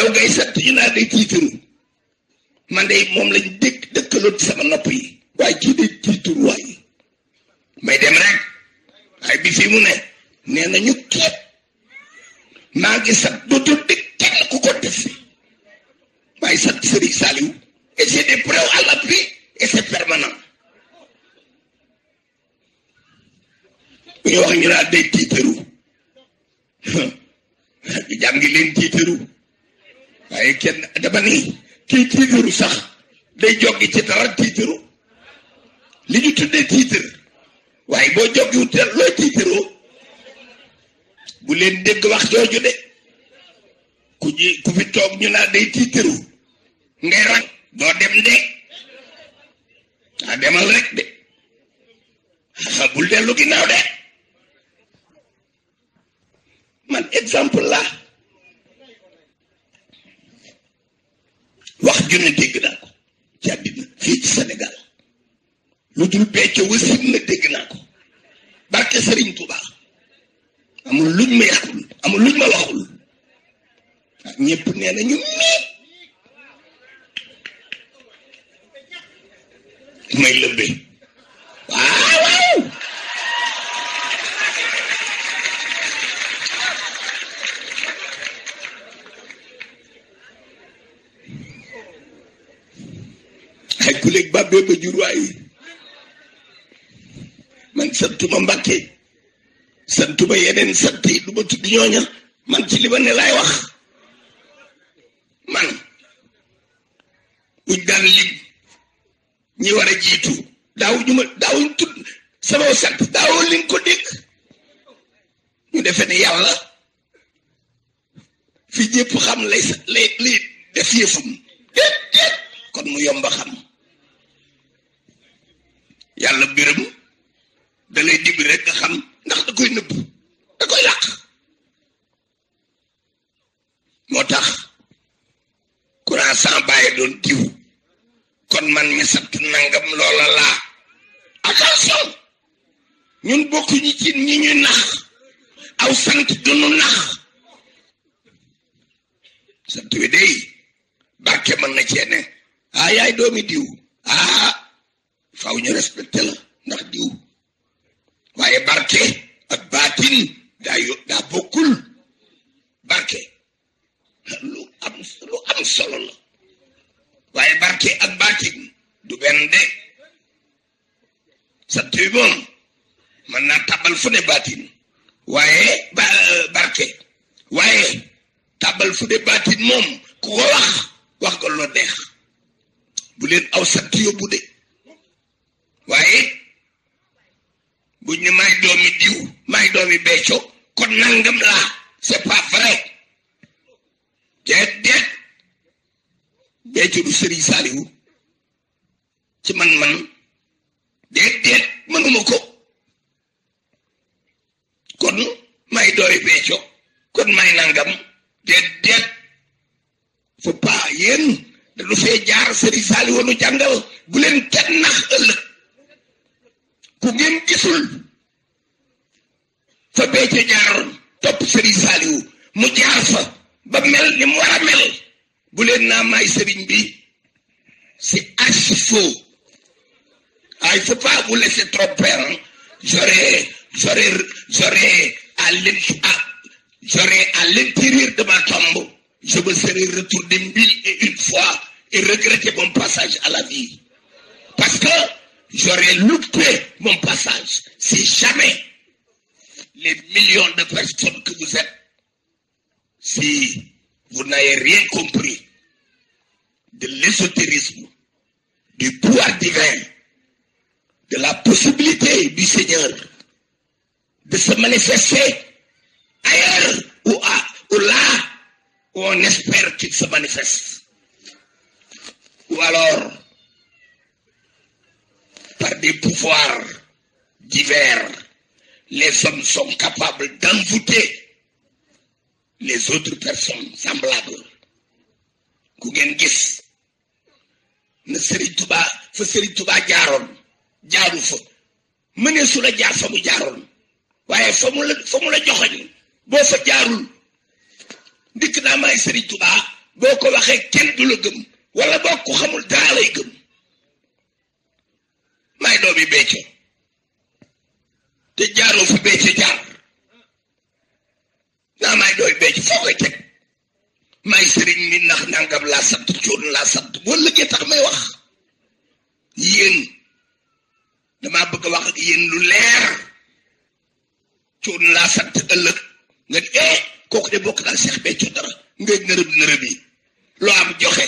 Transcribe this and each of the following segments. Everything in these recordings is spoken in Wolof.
yow ngay sant ñu naa day tiitaru man de moom lañu dëkk dëkkaloon ci sama nopp yi waaye kii day tiitaru waay may dem rek waaye bi mu ne nee nañu képp maa ngi sant dootul dëkk kenn ku ko def waaye sant Serigne Saliou et c'est des preuves à l'appui et permanent bu ñu wax ñu naa day tiitaru jàngi leen tiitaru waaye kenn dama ni kii tiitaru sax day joggi ci dara tiitaru li ñu tuddee tiitar waaye boo joggiwut dara loo tiitaroo bu leen dégg wax jooju de ku ñu ku fi toog ñu naa day tiitaru ngay rang doo dem de a ah, demal rek de xa ah, bul dellu ginnaaw de man exemple la wax junne dégg naa ko ci àddina fii ci Sénégal lu dul becco wasit na dégg naa ko barke Sëriñ Tuuba amul luñ ma yàqul amul luñ ma waxul ah ñëpp nee na ñu may lëbbe waaw puleeg bàbbee ba jur waay man santuma Mbàkke santuma yeneen sant yi du ma tudd ñooña man ci lima ne lay wax man buñ daan lim ñi war a jiitu daawuñ tudd sama sant daawoo lim ko dégg ñu defe ne yàlla fi ñëpp xam lay lay def yëfam déet déet kon mu yomba xam yàlla biram da lay nga xam ndax da koy nëbb da koy làq moo tax courant sans bàyyi doon diw kon man mi sant nangam loola laa attention ñun bokkuñu ci ñi ñu nax aw sant dunu nax sant wi day barke mën na cee ne ah yaay doomi diw ah aw ñu respecté la ndax diw waaye barke ak baatin daa yo daa bokkul barke lu am lu waaye barke ak baatin du benn de sant moom mën naa tàbbal fu ne baatin waaye ba barke waaye tàbbal fu ne baatin moom ku ko wax wax ko loo deex aw sant yóbbu de waaye buñ ne maay doomi diw maay doomi becco kon nangam laa c'est pas vrai déet déet becco du sëriñ saaliwu ci man-man déet déet mënuma ko kon maay doomi becco kon maay nangam déet déet faut pas yéen dañu fee jaar sëriñ saaliwu nu jàngal bu leen kenn nax ëllëg ku ngeen gisul fa beece jaaroon topp sëriñ Saaliwu mu jaar fa ba mel ni mu war a mel bu leen naa may sëriñ bi c'est archi faux ah il faut pas vous laisser tromper hein j'aurais j'aurais j'aurais à j'aurais à l'intérieur de ma tombe je me serais retourné mille et une fois et regretté mon passage à la vie parce J'aurais loupé mon passage si jamais les millions de personnes que vous êtes, si vous n'avez rien compris de l'ésotérisme, du pouvoir divin, de la possibilité du Seigneur de se manifester ailleurs ou là où on espère qu'il se manifeste. Ou alors, par des pouvoirs divers, les hommes sont capables d'envoûter les autres personnes semblables. ku ngeen gis na Serigne Touba fa Serigne Touba jaaroon jaaru fa mënee la jaar fa mu jaaroon waaye fa mu la fa mu la joxoñ boo fa jaarul ndikk naa may Serigne Touba boo ko waxee kenn du la gëm wala boo ko xamul daa lay gëm. may doomi becco te jaaroo fi becco jaar naa may doomi becco foo koy teg may sëriñ mi ndax nangam laa sant cuun laa sant boo lëggee tax may wax yéen damaa bëgg a wax ak lu leer cuun laa sant ëllëg nga ne eh kooku de bokk daal seex becco dara ngay nërëb nërëb yi loo am joxe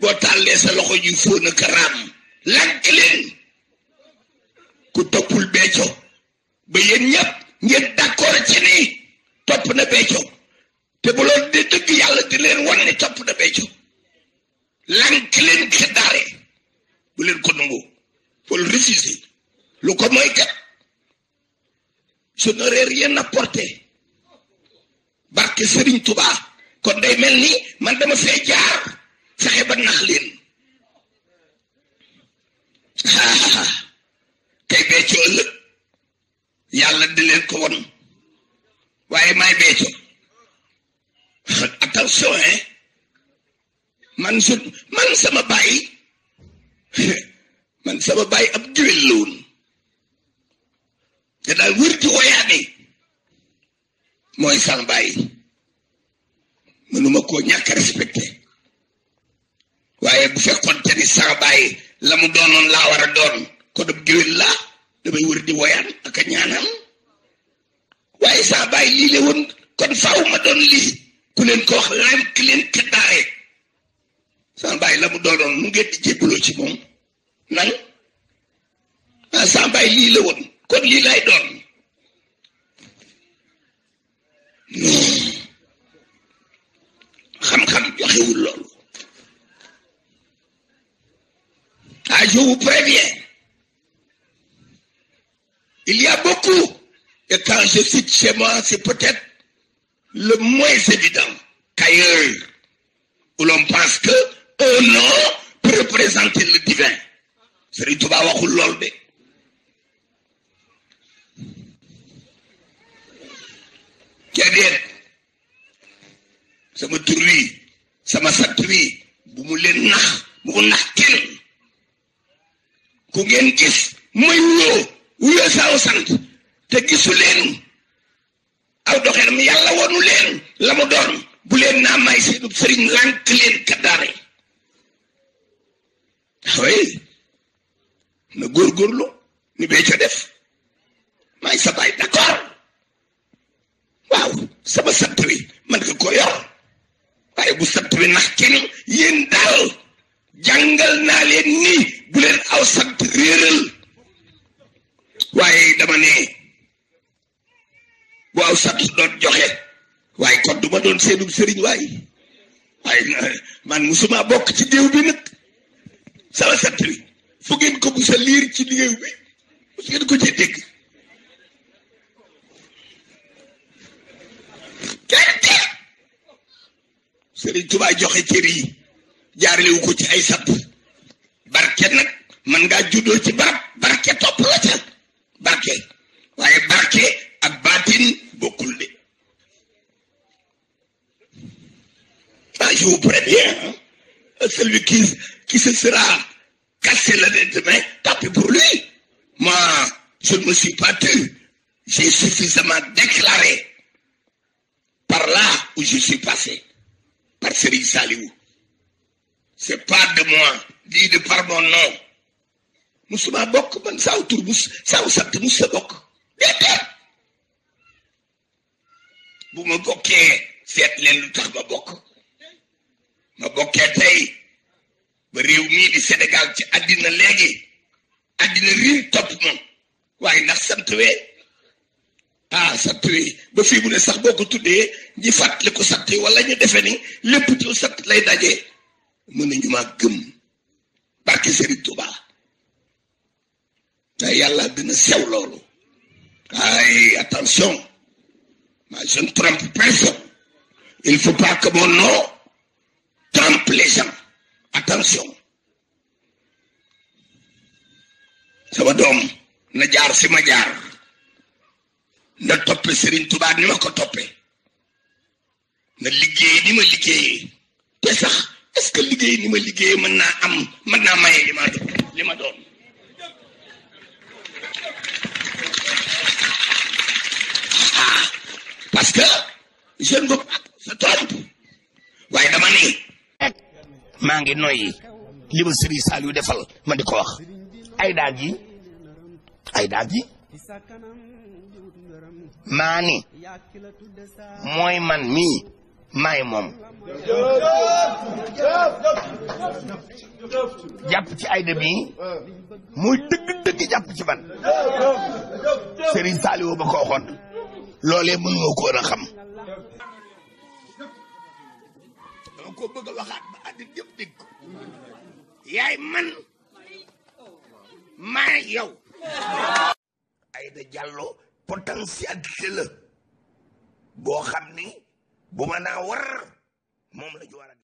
boo tàllee sa loxo ñuy fóon ak raam lànk ku toppul Béthio ba yéen ñëpp ngeen d'accord ci nii topp na Béthio te bu loolu di dëgg yàlla di leen wan ne topp na Béthio lànk leen xeddaare bu leen ko nangu fol réfuser lu ko mooy kat je n'aurais rien apporté barke Serigne Touba kon day mel ni man dama fee jaar fexe ba nax leen tey beccu ëllëg yàlla di leen ko won waaye may beccu attention eh man su man sama baay man sama baay ab jiwel la woon da daal wër di woyaane mooy sama baay mënuma koo ñàkk respecté waaye bu fekkoon te ni sama baay la mu doonoon laa war a doon ko dab géwél laa damay wër di woyaan ak a ñaanam waaye saa lii la woon kon faaw ma doon lii ku leen ko wax lam la mu doonoon mu ngeen di ci moom nan ah, lii la woon kon lii lay doon hmm. xam-xam joxewul loolu Ah, je vous préviens. Il y a beaucoup. Et quand je cite chez moi, c'est peut-être le moins évident qu'ailleurs, où l'on pense que un oh nom peut représenter le divin. Serigne Touba waxul lool de. Déedéet sama tur wi sama sant wi bu mu leen nax bu mu nax kenn bu ngeen gis muy ñëw wuyoo saaw sant te gisu aw doxeenam yàlla wonu leen la mu bu leen naa may seenu sëriñ lànk leen kaddaare way ah na góorgóorlu ni bee ca def may sa baay d'accord waaw sama sant wi man nga ko yor waaye bu sant wi nax kenn yéen daal jàngal naa leen nii bu leen aw sant réeral waaye dama ne bu aw sant doon joxe waaye kon du doon seenum sëriñ waaye waaye man musuma bokk ci déew bi nag sama sant bi fu ngeen ko musa liir ci liggéey bi musu ngeen ko ci dégg kerte sëriñ Tuubaa joxe cër yi jaarlewu ko ci ay sàpp barket nag man ngaa juddoo ci barab barke topp la ca barke waaye barke ak baatin bokkul de ah je vous préviens celui qui qui se sera cassé la tête demain tant pour lui moi je ne me suis pas tué j'ai suffisamment déclaré par là où je suis passé par Serigne Saliou c'est pas de moi dit de par mon musuma bokk man saaw tur mus saaw sant mus sa bokk déedéet bu ma bokkee seet leen lu tax ma bokk ma bokkee tey ba réew mii di Sénégal ci àddina léegi àddina riir topp ma waaye ndax sant wee ah sant wi ba fii mu ne sax boo ko tuddee ñi fàttali ko sant wala ñu defe ni lépp ci sant lay dajee mën nañu maa gëm barke Serigne Touba te yàlla dina sew loolu ay attention ma je ne trompe il faut pas que mon nom trompe les sama doom na jaar fi ma jaar na toppe Serigne Touba ni ma ko toppe na liggéey ni ma liggéeyee te est que liggéey ni ma liggéey mën naa am man naa maye li ma doon ah, parce que je ne veux pas sa trompe waaye dama ne maa ngi noyyi li ma Serigne Saliou defal ma di ko wax ay daal maa ni mooy man mii maay moom jàpp ci ayda bi muy dëgg-dëgg jàpp ci man Serigne Saliou ba ko waxoon loolee mën nga xam dama ko bëgg a waxaat ba àddina yëpp dégg yaay man maa yow ayda Diallo potentialité la boo xam ni bu ma naa war moom la ju war a